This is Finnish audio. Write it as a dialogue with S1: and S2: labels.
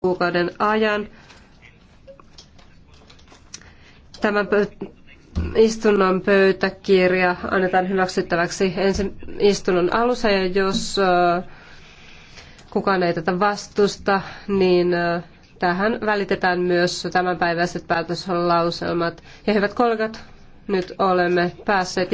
S1: kuukauden ajan. Tämän istunnon pöytäkirja annetaan hyväksyttäväksi ensin istunnon alussa ja jos kukaan ei tätä vastusta, niin tähän välitetään myös tämänpäiväiset päätöslauselmat. Ja hyvät kollegat, nyt olemme päässeet